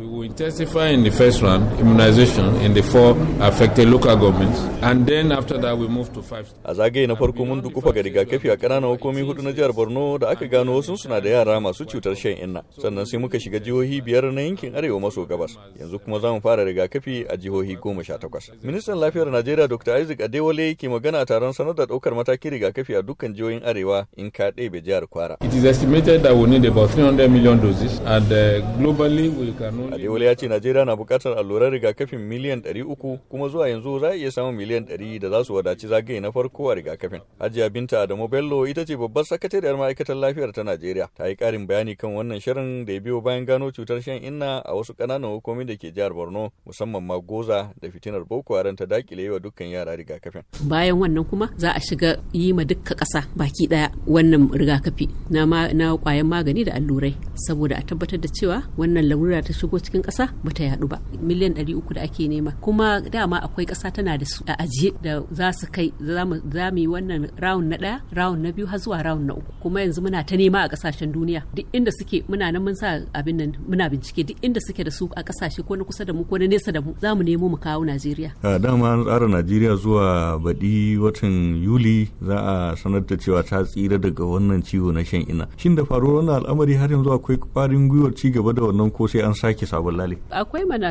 We will intensify in the first round immunization in the four affected local governments and then after that we move to five. A zagaye na farko mun dukufa ga rigakafi a ƙananan hukumomi hudu na jihar Borno da aka gano wasu suna da yara masu cutar shan inna. Sannan sai muka shiga jihohi biyar na yankin arewa maso gabas. Yanzu kuma za mu fara rigakafi a jihohi goma sha takwas. Ministan lafiyar Najeriya Dr. Isaac Adewale ke magana a taron sanar da ɗaukar matakin rigakafi a dukkan jihohin arewa in ka ɗebe jihar Kwara. It is estimated that we need about 300 million doses and uh, globally we can Adewale ya ce Najeriya na bukatar alluran rigakafin miliyan uku kuma zuwa yanzu za a iya samun miliyan ɗari da za su wadaci zagaye na farko a rigakafin. Hajiya Binta Adamu Bello ita ce babbar sakatariyar ma'aikatar lafiyar ta Najeriya. Ta yi karin bayani kan wannan shirin da ya biyo bayan gano cutar shan inna a wasu ƙananan hukumomi da ke jihar Borno musamman ma Goza da fitinar Boko Haram ta dakile wa dukkan yara rigakafin. Bayan wannan kuma za a shiga yi ma dukka ƙasa baki ɗaya wannan rigakafi na kwayan magani da allurai saboda a tabbatar da cewa wannan larura ta shigo cikin ƙasa ba ta yaɗu ba miliyan ɗari uku da ake nema kuma dama akwai ƙasa tana da su a ajiye da za su kai za mu yi wannan rawun na ɗaya round na biyu har zuwa round na uku kuma yanzu muna ta nema a ƙasashen duniya duk inda suke muna nan mun sa abin nan muna bincike duk inda suke da su a ƙasashe ko na kusa da mu ko na nesa da mu za mu nemo mu kawo Najeriya. A dama an tsara Najeriya zuwa baɗi watan Yuli za a sanar da cewa ta tsira daga wannan ciwo na shan ina. Shin da faruwar wannan al'amari har yanzu akwai ƙwarin gwiwar ci gaba da wannan ko sai an sake ake sabon lali akwai mana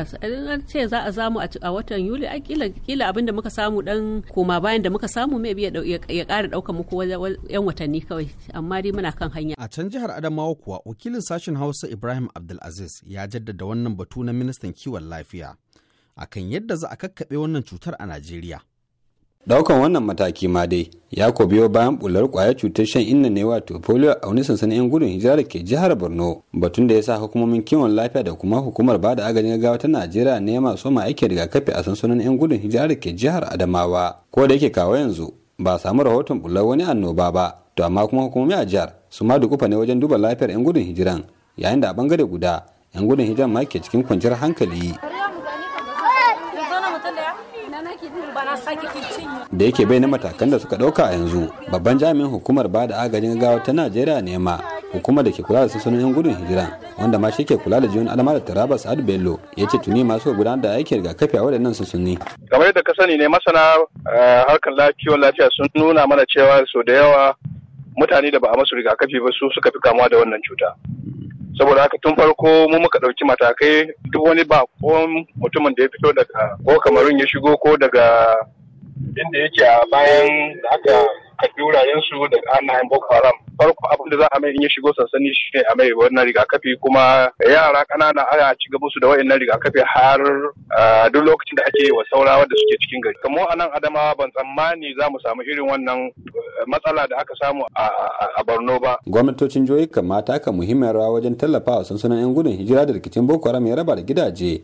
an ce za a zamu a watan yuli a kila abin da muka samu dan koma bayan da muka samu mai biya ya ƙara ɗaukar muku yan watanni kawai amma dai muna kan hanya a can jihar adamawa kuwa wakilin sashen hausa ibrahim abdulaziz ya jaddada wannan batu na ministan kiwon lafiya akan yadda za a kakkaɓe wannan cutar a najeriya daukan wannan mataki ma dai ya ko biyo bayan bular kwayar cutar shan inna ne wato polio a wani sansanin yan gudun hijira da ke jihar borno batun da ya sa hukumomin kiwon lafiya da kuma hukumar ba da agajin gaggawa ta najeriya ne masu ma aiki rigakafi a sansanin yan gudun hijira da ke jihar adamawa ko da yake kawo yanzu ba samu rahoton bular wani annoba ba to amma kuma hukumomi a jihar su ma dukufa ne wajen duba lafiyar yan gudun hijiran yayin da a bangare guda yan gudun hijiran ma ke cikin kwanciyar hankali da yake bai na matakan da suka dauka a yanzu babban jami'in hukumar ba da agajin gaggawa ta najeriya ne ma hukumar da ke kula da sansanonin gudun hijira wanda ma shi ke kula da jiyon alamar da taraba sa'ad bello ya ce tuni masu gudanar da aikin rigakafi a waɗannan sansani. kamar yadda ka sani ne masana eh, harkar lafiyar lafiya sun nuna mana cewa sau da yawa mutane da ba a masu rigakafi ba su suka fi kamuwa da wannan cuta saboda haka tun farko mu muka ɗauki matakai duk wani ba ko mutumin da ya fito daga ko kamarun ya shigo ko daga inda yake a bayan da aka kafi wuraren su da anayin boko haram farko abin da za a mai in ya shigo sansani shi ne a mai wannan rigakafi kuma yara ƙanana ana ci gaba su da wayannan rigakafi har duk lokacin da ake wa saura da suke cikin gari kamar a nan adama ban tsammani za mu samu irin wannan eh, matsala da aka samu a borno ba gwamnatocin jihohi mata ka muhimmiyar rawa wajen tallafa wa sansanin yan gudun hijira da rikicin boko haram ya raba da gidaje